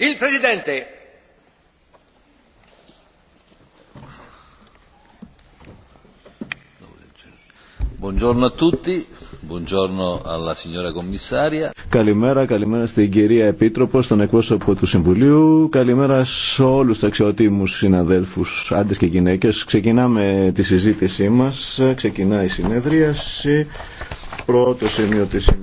Il Presidente. Buongiorno a tutti, buongiorno alla signora commissaria. Καλημέρα, καλημέρα στην κυρία Επίτροπο, στον εκπρόσωπο του Συμβουλίου. Καλημέρα σε όλου του αξιότιμου συναδέλφου, άντρε και γυναίκε. Ξεκινάμε τη συζήτησή μα. Ξεκινάει η συνέδριαση. Πρώτο σημείο τη